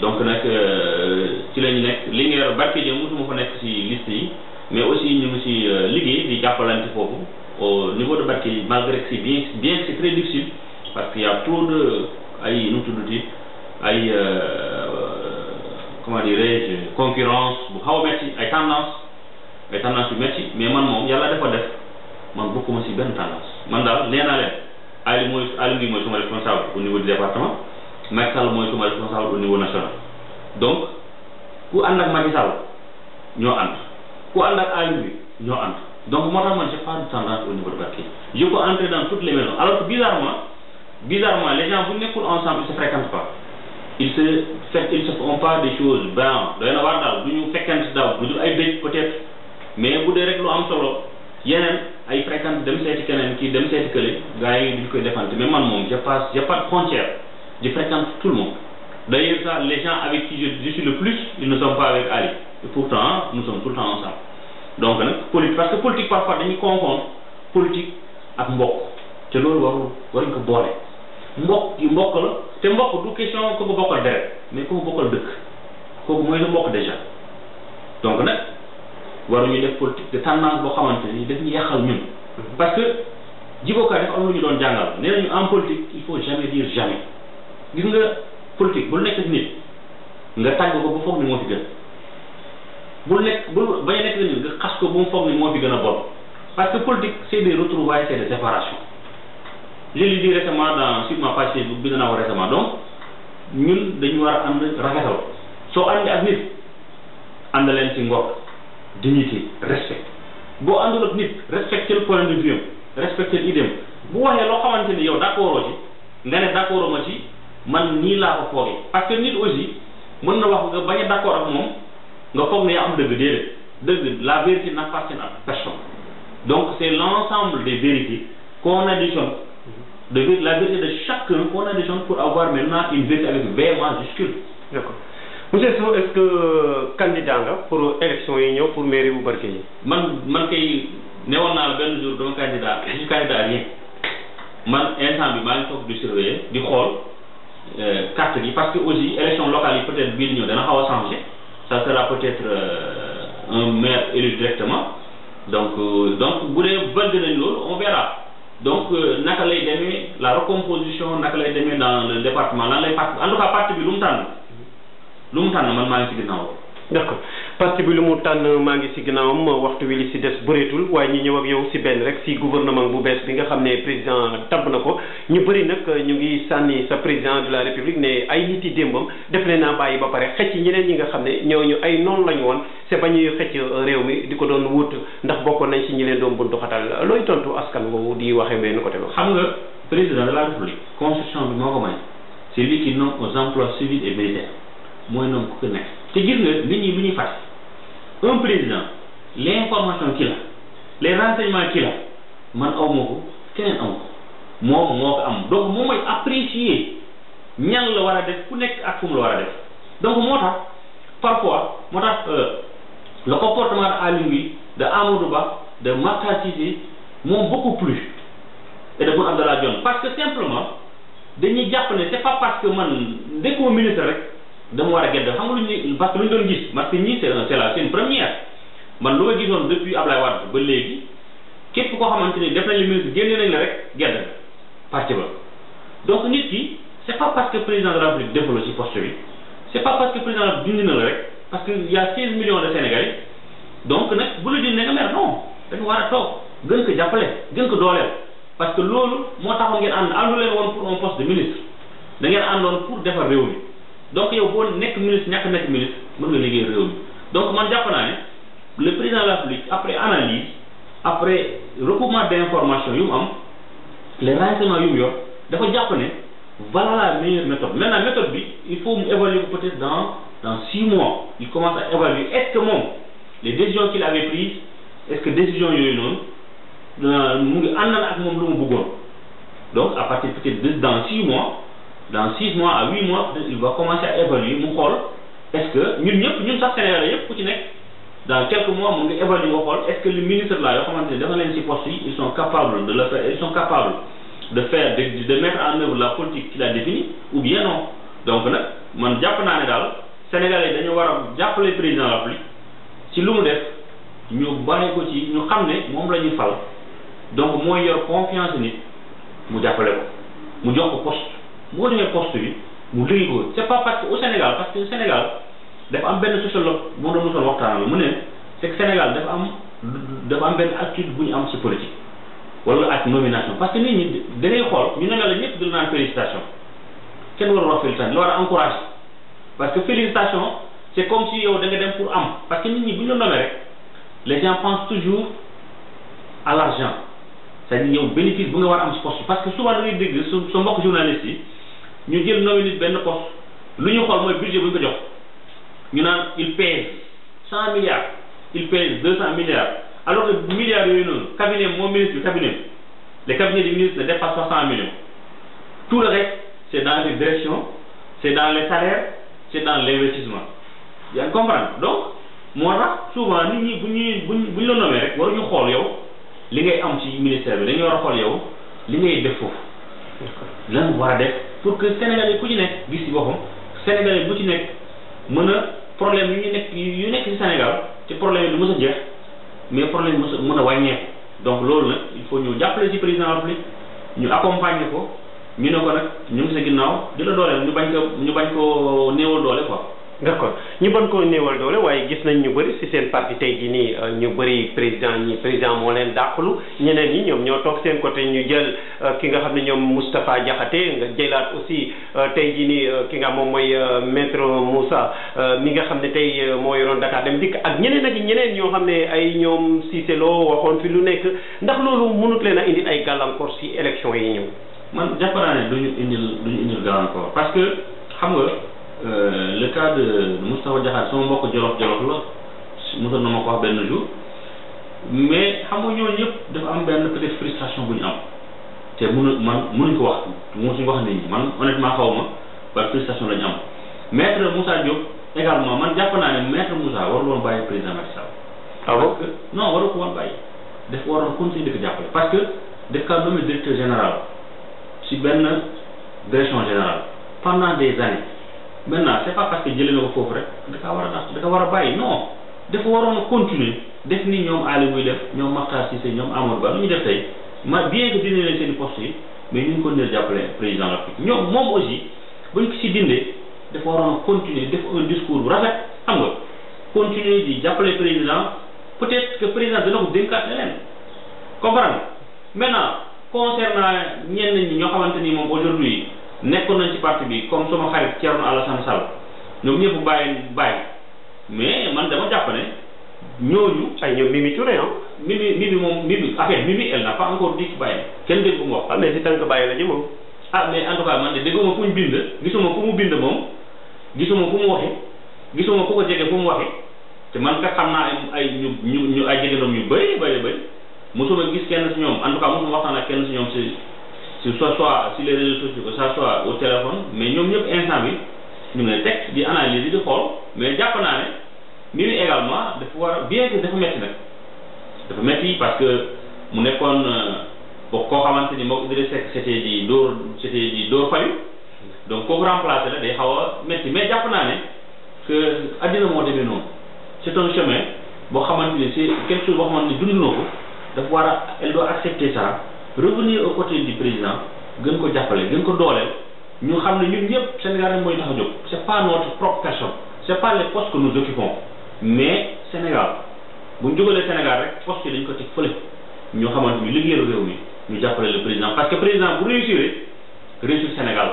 donc nag euh, ci la ñu nekk Linguère pas mosuma fa mais aussi ñu ngi si euh, liggéey di jàppalante foofu au niveau de Barkédji malgré que c'est bien bien que c'est parce que y a trop ay nu tuddati ay euh, comment dirais-je concurrence bu xaw a ay tendance ay tendance yu métti mais man moom yàlla dafa def man bokkuma si benn tendance man daal nee naa leen Aliou mooy Aliou Ngouye mooy suma responsable au niveau du département Macky Sall mooy suma responsable au niveau national donc ku ànd ak Macky Sall ñoo ànd ku ànd ak alim bi ñoo ant donc moo tax man j'ai pas de tendance au niveau de parquet. je peux entrer dans toutes les maisons alors que bizarrement bizarrement les gens bu nekkul ensemble ils se fréquentent pas ils se ils se font pas des choses bon doy na waar daal du ñu fekkante bu dul ay béy peut-être mais bu dee rek lu am solo yeneen ay fréquente dem seeti keneen kii dem seeti kële gars yi duñ koy défendre mais man moom j'ai pas j'ai pas de frontière je fréquente tout le monde d'ailleurs ça les gens avec qui je suis le plus ils ne sont pas avec Ali et pourtant nous sommes tout le temps ensemble donc nag politique parce que politique parfois dañuy confondre politique ak mbokk te loolu warul waruñ ko boole mbokk yi mbokk la te mbokk du question ko ko bokkal deret mais ko ko bokkal dëkk kooku mooy la mbokk déjà donc nag waruñu def politique de tendance boo xamante ni daf ñu yàqal ñun parce que jibokaay dafa am lu ñu doon jàngal nee nañu en politique il faut jamais dire jamais gis nga politique bu nekk nit nga tàgg ko ba foog ni moo fi gën bul nekk bul bay nekk nañu nga xas ko bu mu foog ni moo fi gën a bon parce que politique c'est des retrouvailles li des séparations je l'ai dit récemment dans sur ma page Facebook bi naa ko récemment donc ñun dañu war a am rafetal soo àndee ak nit ànd leen ci ngor dignité respect boo àndul ak nit respecté le point de vue respecté idéem bu waxee loo xamante ni yow d'accord ci nga ne d'accord ma ci man nii laa ko foogee parce nit aussi mën na wax nga bañ Donc on ne yaa dit, de de la vérité n'appartient à personne donc c'est l'ensemble des vérités qu'on additionne mhm. de la vérité de chacun qu'on additionne pour avoir maintenant une vérité avec V majuscule d'accord monsieur êtes est-ce que euh, candidat pour élection yi pour mairie ou pour yi man man kay newoon naa la benn candidat je suis candidat rien man instant bi maa ngi toog surveiller di suis euh, carte parce que aussi élection locale peut-être bien ñëw dana xaw a changer ça sera peut-être euh, un maire élu directement donc euh, donc vous vous donner nañ on verra donc euh, la recomposition dans le département elle pas en tout cas partie bi lu mu le lu d'accord parti bi lu mu tànn maa ngi ci ginnaawam waxtu wi li ci des bëreetul waaye ñu ñëw ak yow ci benn rek ci gouvernement bu bees bi nga xam ne président tabb na ko ñu bëri nag ñu ngi sànni sa président de la république ne ay nit yi démbam def leen naa bàyyi ba pare xëcc ñeneen ñi nga xam ne ñu ay noonu lañu woon c'est ba ñuy xëcc réew mi di ko doon wut ndax bokkoon nañ ci ñi leen doon buntu xatal looy tontu askan woowu di waxee benn côté ba. xam nga président de la ko may c'est lui qui nomme aux emplois civils et militaires. mooy nangu ku nekk te gis nga nit ñi lu un président l' information ci la les renseignements ci la man aw ma ko keneen aw ko moom moo ko am donc moom mooy apprécier ñan la war a def ku nekk ak fu mu la def donc moo tax parfois moo euh, le comportement de lui, de Amadou de Makhtar Cissé m'ont beaucoup plu et de Boun Abdallah Dionne parce que simplement dañuy jàpp ne c'est pas parce que man nekkuma ministre dama war a gedd xam nga lu ñu parce que doon gis parce que ñii c'est c'est la c'est première man lu ma gisoon depuis Ablaye Wade ba léegi képp koo xamante ni def nañ la ministre génne nañ la rek gedd na parti ba donc nit ki c'est pas parce que président de la République bi c'est pas dindi na la rek parce que y million 16 millions de Sénégalais donc nag bu la dindi nga mer non dañu war a toog gën ko jàppale gën ko dooleel parce que loolu moo taxoon ngeen ànd àndu leen woon pour un poste de ministre da ngeen àndoon pour defar réew donc yow boo nekk ministre ñàkk nekk ministre mën nga liggéey réew mi donc man jàpp naa le président de la République après analyse après recoupement d'information yu mu am les renseignements yu mu yor dafa jàpp ne voilà la meilleure méthode maintenant méthode bi il faut mu évaluer pou peut dans dans six mois il commence à évaluer est-ce que moom les décisions qu'il avait prises est-ce que décision yooyu noonu euh, mu ngi àndal ak moom lu mu bëggoon donc à dans six mois dans 6 mois à 8 mois il va commencer à évoluer mon xool est-ce que ñun ñëpp ñun sax Sénégalais yëpp ku ci dans quelques mois mon ngi évaluer nga est-ce que le ministre là yoo xamante ne dafa ci poste yi ils sont capables de le faire ils sont capables de faire de de mettre en œuvre la politique qu'il a définie ou bien non donc nag man jàpp naa ne Sénégalais yi dañu war a président de la République si lu mu def ñu bàyyi ko ci ñu xam ne moom la ñu fal donc mooy confiance nit mu jàppale ko mu jox ko poste boo joxee poste yi mu liggéey ko c' est pas parce que au Sénégal parce que Sénégal dafa am benn sociologue boo doon mosoon waxtaanal mu ne c' est que Sénégal dafa am dafa am benn attitude bu ñu am si politique wala ak nomination parce que nit ñi da ngay xool ñu ne la ñëpp dina naan félicitation kenn war a wax félicitation la war a encouragé parce que félicitation c' est comme si yow da nga dem pour am parce que nit ñi bu ñu la rek les gens pensent toujours à l' argent c'est-à-dire yow bénéfice bu nga war a am si poste parce que souvent da ngay dégg sa mbokk journaliste yi ñu jël nomi nit benn poste lu ñu xool mooy budget bu ñu ko jox ñu naan il pèse cent milliards il pèse deux cent milliards alors que milliards yooyu noonu cabinet moom ministre du cabinet les cabinets du ministre ne dépassent pas cent millions tout le reste c' est dans les directions c' est dans les salaires c' est dans l' investissement yaa ngi comprendre donc moo tax souvent nit ñi bu ñuy ñu bu ñu la nommee rek waruñu xool yow li ngay am ci ministère bi dañu war a xool yow li ngay def foofu. lan war a def pour que sénégalais ku ci nekk gis ci boppam sénégalais bu ci nekk mën a problème yu ñu nekk yu nekk ci Sénégal te problème yi du mës a jeex mais problème yi mës a mën a wàññeeku donc loolu nag il faut ñu jàppale ci président République ñu accompagner ko ñu ne ko nag ñu ngi sa ginnaaw di la dooleel ñu bañ ko ñu bañ ko néewal doole ko d'accord ñu ban koo néewal doole waaye gis nañ ñu bëri si seen parti tey jii nii euh, ñu bëri président ñi président moo leen dàqulu ñeneen ñi ñoom ñoo toog seen côté ñu jël euh, ki nga xam ne ñoom Moustapha Diakhaté nga jëlaat aussi euh, tey jii nii ki nga moom mooy maître Moussa mi nga xam ne tey moo yoroon Dakar dem dikk ak ñeneen ak ñeneen ñoo xam ne ay ñoom Cissé Lo waxoon fi lu nekk ndax loolu mënut leen a indi ay gàllankoor si élection yi ñëw. man jàpp naa ne duñu indil xam nga. Euh, le cas de Moustapha Diakhaté sama mbokk jolof jolof la mosoon na benn jour mais xam nga ñooñu dafa am benn peut-être bu am te mënu man mënuñ ko wax mënuñ ko wax nit ñi man honnêtement xaw ma par frustration la ñu am maître bàyyi président Macky Sall. ah non waru ko woon bàyyi daf ko waroon continuer di ko jàppale parce que daf kaa nommé directeur général si benn direction générale pendant des années. Mè nan, se pa paske di lè nòkou fòvrè, dekwa wara dansi, dekwa wara bayi, non. Defwò waron kontinu, defni nyonm alevou lèf, nyonm matasise, nyonm amorba, nou mi defè. Biè ki di lè lè se di posè, men yon konnen di aple prezidant lèpik. Nyonm mòm oji, boni pisi dinde, defwò waron kontinu, defwò waron diskour w rasek, amgò, kontinu di di aple prezidant, pwè tèpke prezidant de lòkou denkate lèm. Kòmpran? Mè nan, konsèr nan nekkoon nañ ci parti bi comme sama xarit Thierno Alassane Sall ñoom ñëpp bàyyi bàyyi mais man dama jàpp ne ñooñu. ay ñoom Mimi Touré ah. Mimi Mimi moom Mimi affaire Mimi elle n'a pas encore dit bàyyi kenn dégg mu wax. ah si tànk bàyyi la moom. ah mais en tout cas man de dégguma ku ñu bind gisuma ku mu bind moom gisuma ku mu waxe gisuma ku ko jege fu mu waxe te man kat xam naa ay ñu ñu ñu ay jege doom yu bëri bëri bëri mosuma gis kenn si ñoom en tout cas sur soit soit sur les réseaux sociaux que ça soit au téléphone mais ñoom ñëpp instant bi ñu ngi teg di analyser di xool mais jàpp naa ne mbir mi également dafa war a bien que dafa métti nag dafa métti parce que mu nekkoon euh, ba koo xamante ni moo Idrissa Seck c'était di dóor c'était di dóor fayu donc kooku remplacé la day xaw a métti jàpp naa ne que addina moo demee noonu c'est un chemin boo xamante ni c'est quelque war a elle revenir au côté du président gën ko jàppale gën ko dooleel ñu xam ne ñun ñëpp Sénégal rek mooy tax a jóg c' est pas notre propre personne c' est pas les postes que nous mais Sénégal bu ñu jógalee Sénégal rek postes yi dañu ko teg fële ñoo xamante ni liggéeyu réew mi ñu jàppale le président parce que président bu réussir réussir Sénégal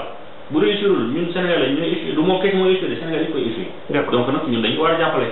bu réussirul ñun Sénégal ñooy échoué du moom kese mooy échoué Sénégal yëpp koy échoué. donc nag ñun dañu ko war a jàppale.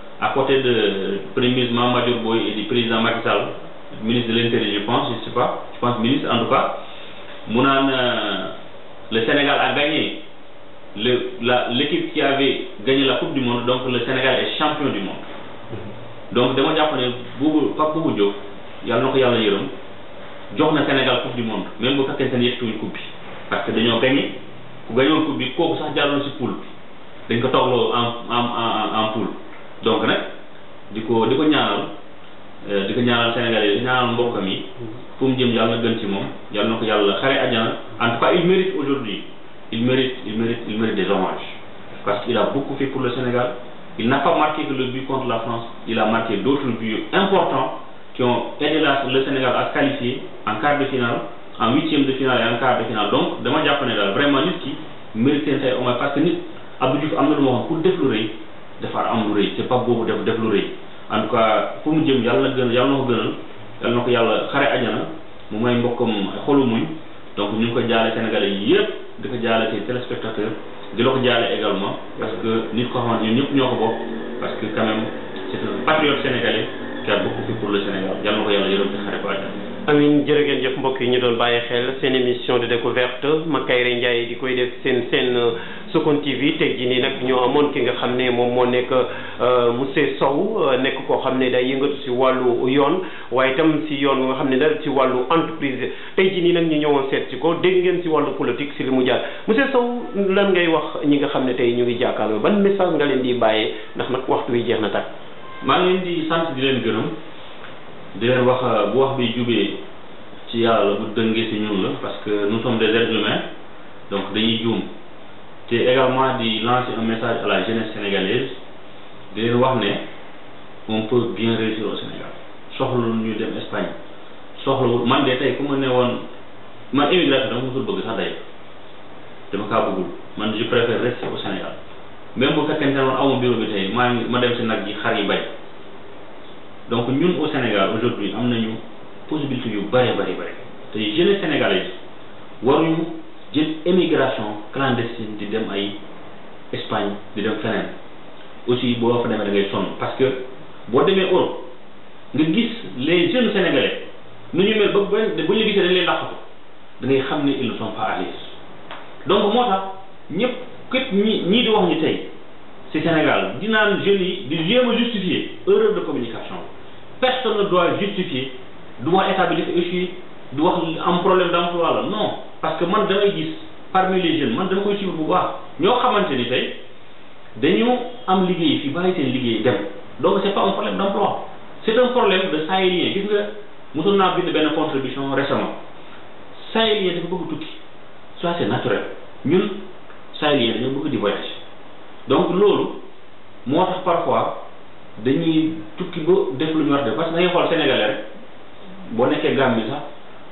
à côté de Premier ministre Mamadou Boy et du président Macky Sall, ministre de l'Intérieur, je pense, je ne sais pas, je pense ministre en tout cas, euh, le Sénégal a gagné l'équipe qui avait gagné la Coupe du Monde, donc le Sénégal est champion du monde. Mhm. Donc, demain, japonais, pas beaucoup de il y a le Sénégal Coupe du Monde, même si quelqu'un pas a une coupe. Parce que nous avons gagné, nous avons gagné une coupe, nous avons gagné une coupe, nous avons gagné une coupe, nous avons coupe donc nak diko diko ñaanal euh diko ñaanal Sénégal ñaanal mbokkam yi fu mu jëm yalla gën ci mom yàlla na ko yàlla en tout cas il mérite aujourd'hui il mérite il mérite il mérite des hommages parce qu'il a beaucoup fait pour le Sénégal il n'a pas marqué que le but contre la France il a marqué d'autres buts importants qui ont aidé le Sénégal à se qualifier en quart de finale en huitième de finale et en quart de finale donc dama il ne vraiment nit qui mérite un tey hommage parce que nit Abdou Diouf Mohamed, pour déflorer, defar am lu rëy te pap boobu def def lu rëy en tout cas mu jëm yàlla na gën yàlla na ko gënal yàlla na ko yàlla xare ajana mu may mbokkam xolu donc ñu ngi ko jaale sénégalais yi yëpp di ko jaale ci téléspectateur di la ko jaale également parce que nit ko xamante ñun ñëpp ñoo ko bokk parce que quand même c'est un patriote sénégalais qui a beaucoup pour le Sénégal yàlla na ko yàlla yërëm te xare ko ajana amin jërë jëf mbokk yi ñu doon bàyyi xel seen émission de découverte Makayre Ndiaye di koy def seen seen euh, Sokone TV tey ji nii nag ñoo amoon ki nga xam ne moom moo nekk euh, monsieur Sow euh, nekk koo xam ne day yëngatu si wàllu yoon waaye itam si yoon nga xam ne daal si wàllu entreprise tey ji nii nag ñu ñëwoon seet si ko dégg ngeen si wàllu politique si li mu jaar monsieur Sow lan ngay wax ñi nga xam ne tey ñu ngi jàkkaarloo ban message nga leen di bàyyee ndax nag waxtu wi jeex na tak maa ngi leen di sant di leen gërëm. di leen wax euh, bu wax bi jubee ci yàlla bu dëngee ci ñun la parce que nous sommes des êtres humains donc dañuy juum te également di lancer un message à la jeunesse di leen wax ne on peut bien réussir au Sénégal soxlawul ñu dem Espagne soxlawul man de tey ku ma ne woon man émigré dama mosul bëgg sax day dama kaa bëggul man je préfère rester au Sénégal même bu fekkente woon aw ma bureau tey maa ma dem si nag yi xar yi bay. donc nous au Sénégal aujourd'hui nous avons une possibilité yu faire bare bare Les jeunes sénégalais yi waruñu jël émigration clandestine de dem ay Espagne di dem aussi boo fa demee da parce que boo demee Europe nga gis les jeunes sénégalais nous ñu mel ba ba bu ñu gisee dañ leen làqatu da ils sont paralysés. donc moi, je ne képp ñi ñii di wax ni Ce Sénégal je naan jeunes yi di jéem erreur de communication personne ne doit justifier doit établir aussi du un problème d'emploi non parce que man je parmi les jeunes man je suis le bu baax ñoo xamante à avons dañu am liggéey fi bàyyi seen Donc, dem donc pas un problème d'emploi c'est un problème de sahélien gis nga mosoon naa bind une contribution récemment sahélien pas de tout. soit c'est naturel ñun sahélien avons beaucoup de voyage donc nous, moi parfois dañuy tukki ba def lu ñu wax de parce que da ngay xool sénégalais rek boo nekkee Gambie sax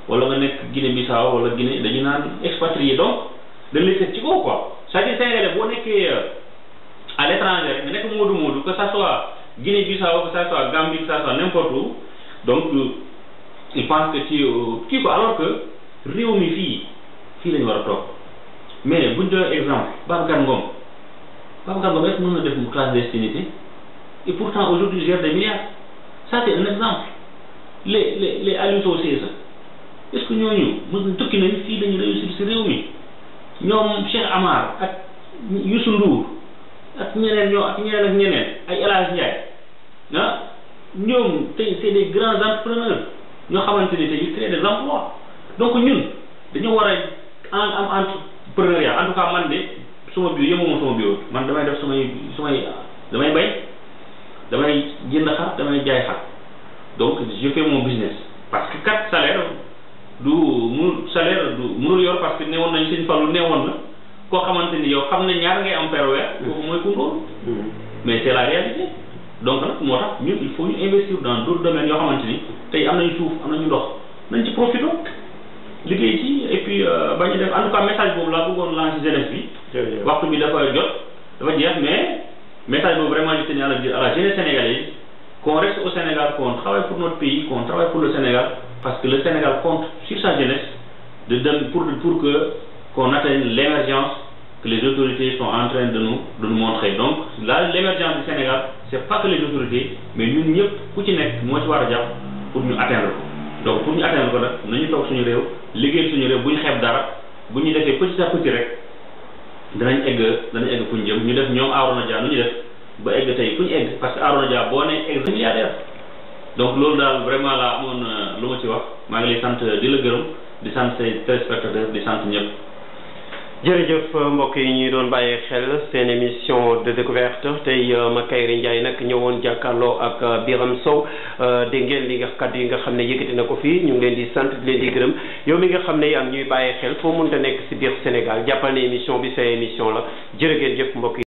wala nga nekk Guinée Bissau wala Guinée dañu naan expatrié donc dañ lay seet ci kaw quoi c'est-à-dire sénégalais boo nekkee euh, à l'étranger rek nga nekk moodu moodu que ça soit Guinée Bissau que ça soit Gambie que ça soit n'importe où donc euh, il pense que ci euh, kii ko alors que réew mi fii fii lañu war a toog mais buñ doon exemple Baba Gar Baba Gar Ngom est-ce que mën na def mu Et pourtant, aujourd'hui, ils gèrent des milliards. Ça, c'est un exemple. Les, les, les est-ce que nous nous nous nous dañu réussir nous nous Cheikh Amar nous Youssou Ndour ak ñeneen ñoo ak ñeneen nous, ñeneen ah, des grands entrepreneurs nous avons nous, nous, créé des emplois donc nous nous en tout cas man de nous, nous, biir man nous, def nous, bay jënd xar damay jaay xar donc je fais mon business parce que kat salaire du mënul salaire du mënul yor parce que newoon nañu sëñ Fallou newoon na koo xamante ni yow xam ne ñaar ngay am per weer mm. kooku mooy kungóoru mm. mais c'est la réalité donc nag moo tax il faut ñu investir dans d'autres domaines yoo xamante ni tey am nañu suuf am nañu ndox nañ ci profité liggéey ci et puis euh, bañ a def en tout cas message boobu laa bëggoon lancer jeunesse bi waxtu bi dafa jot dafa jeex mais message boobu vraiment je tenais à la qu'on reste au Sénégal, qu'on travaille pour notre pays, qu'on travaille pour le Sénégal, parce que le Sénégal compte sur sa jeunesse pour, que qu'on atteigne l'émergence que les autorités sont en train de nous, de nous montrer. Donc l'émergence du Sénégal, c'est pas que les autorités, mais nous nous pour nous atteindre donc pour nous atteindre nous nous nous, nous, suñu Nous nous suñu nous, nous ba egg tey fu ñu egg parce que Arona Dia boo nee egg milliardaire donc loolu daal vraiment laa amoon euh, lu ma ci wax maa ngi lay sant di la gërëm di sant say téléspectateurs di sant ñëpp. jërëjëf mbokk yi ñuy doon bàyyee xel seen émission de découverte tey euh, Makayre Ndiaye nag ñëwoon jàkkaarloo ak euh, Biram Sow dégg ngeen li nga kàddu yi nga xam ne yëkkati na ko fii ñu ngi leen di sant di leen di gërëm yow mi nga xam ne yaa ngi ñuy bàyyi xel foo mënta nekk ci biir Sénégal jàppal ne émission bi sa émission la jërë ngeen jëf mbokk yi.